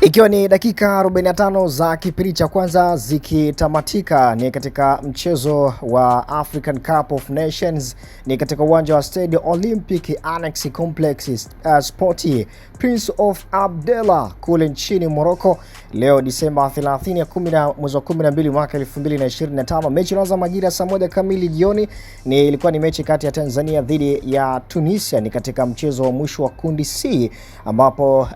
Ikiwa ni dakika 45 za kipindi cha kwanza zikitamatika, ni katika mchezo wa African Cup of Nations, ni katika uwanja wa Stade Olympic Annex Complex uh, Sporti Prince of Abdallah kule nchini Morocco leo Disemba 30 mwezi wa 12 mwaka 2025. Mechi inaanza majira saa moja kamili jioni. Ni ilikuwa ni mechi kati ya Tanzania dhidi ya Tunisia, ni katika mchezo wa mwisho wa kundi C ambapo uh,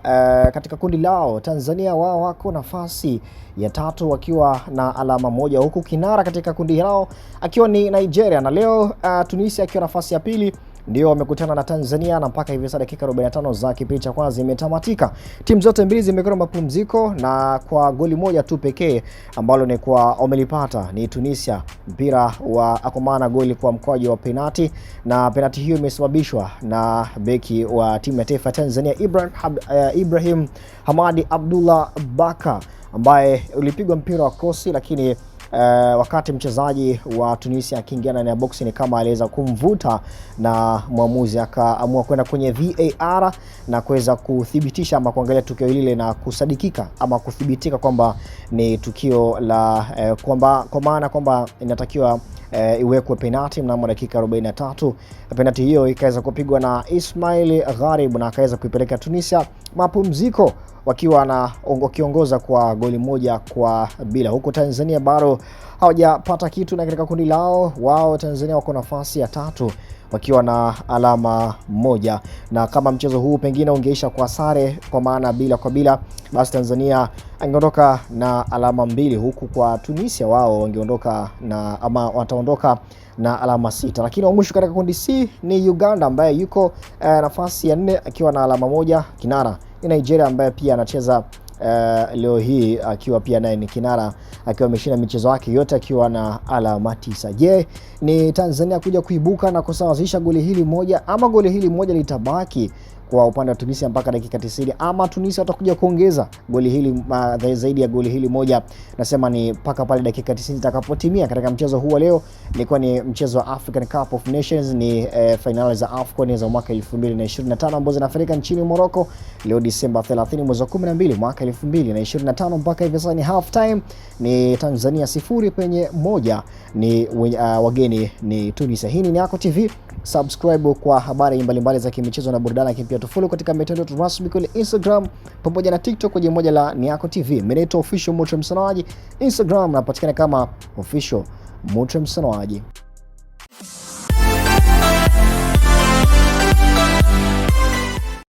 katika kundi lao Tanzania wao wako nafasi ya tatu wakiwa na alama moja, huku kinara katika kundi lao akiwa ni Nigeria na leo uh, Tunisia akiwa nafasi ya pili ndio wamekutana na Tanzania na mpaka hivi sasa dakika 45 za kipindi cha kwanza zimetamatika. Timu zote mbili zimekwenda mapumziko na kwa goli moja tu pekee ambalo ni kwa wamelipata ni Tunisia, mpira wa akomana goli kwa mkwaju wa penati, na penati hiyo imesababishwa na beki wa timu ya taifa ya Tanzania Ibrahim, uh, Ibrahim Hamadi Abdullah Baka ambaye ulipigwa mpira wa krosi lakini uh, wakati mchezaji wa Tunisia akiingia ndani ya boksi ni kama aliweza kumvuta na mwamuzi akaamua kwenda kwenye VAR na kuweza kuthibitisha ama kuangalia tukio lile na kusadikika ama kuthibitika kwamba ni tukio la eh, kwamba kwa maana kwamba inatakiwa eh, iwekwe penati mnamo dakika 43. Penati hiyo ikaweza kupigwa na Ismail Gharib na akaweza kuipeleka Tunisia mapumziko wakiwa na wakiongoza kwa goli moja kwa bila, huku Tanzania bado hawajapata kitu, na katika kundi lao wao Tanzania wako nafasi ya tatu wakiwa na alama moja, na kama mchezo huu pengine ungeisha kwa sare, kwa maana bila kwa bila, basi Tanzania angeondoka na alama mbili, huku kwa Tunisia wao wangeondoka na ama wataondoka na alama sita, lakini wa mwisho katika kundi C ni Uganda ambaye yuko eh, nafasi ya nne akiwa na alama moja kinara Nigeria ambaye pia anacheza Uh, leo hii akiwa pia naye ni kinara akiwa ameshinda michezo yake yote akiwa na alama tisa. Je, ni Tanzania kuja kuibuka na kusawazisha goli hili moja ama goli hili moja litabaki kwa upande wa Tunisia mpaka dakika 90, ama Tunisia watakuja kuongeza goli hili uh, zaidi ya goli hili moja, nasema ni mpaka pale dakika 90 itakapotimia katika mchezo huu wa leo. Ilikuwa ni mchezo wa African Cup of Nations, ni eh, fainali za AFCON za mwaka 2025 ambazo zinafanyika nchini Morocco leo Disemba 30 mwezi wa 12 mwaka 2025. Mpaka hivi sasa ni half time, ni Tanzania sifuri penye moja, ni uh, wageni ni Tunisia. Hii ni Niako TV subscribe kwa habari mbalimbali mbali za kimichezo na burudani, lakini pia tufollow katika mitandao yetu rasmi kule Instagram pamoja na TikTok kwa jina moja la Niako TV. Mimi naitwa Official Mutre Msanawaji, Instagram napatikana kama Official Mutre Msanawaji.